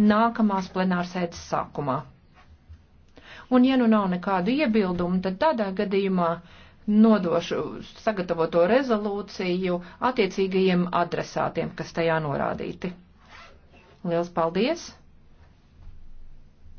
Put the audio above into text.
nākamās plenārsēdes sākumā. Un ja nu nav nekādu iebildumu, tad tādā gadījumā nodošu sagatavoto rezolūciju attiecīgajiem adresātiem, kas tajā norādīti. Liels paldies!